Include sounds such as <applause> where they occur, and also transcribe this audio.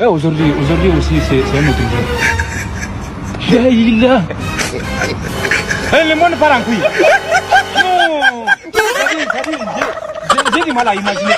Ouais, eh, aujourd'hui, aujourd'hui aussi, c'est un autre <laughs> eh, est là <laughs> eh, Le monde part en couille. Non <laughs> J'ai du mal à imaginer.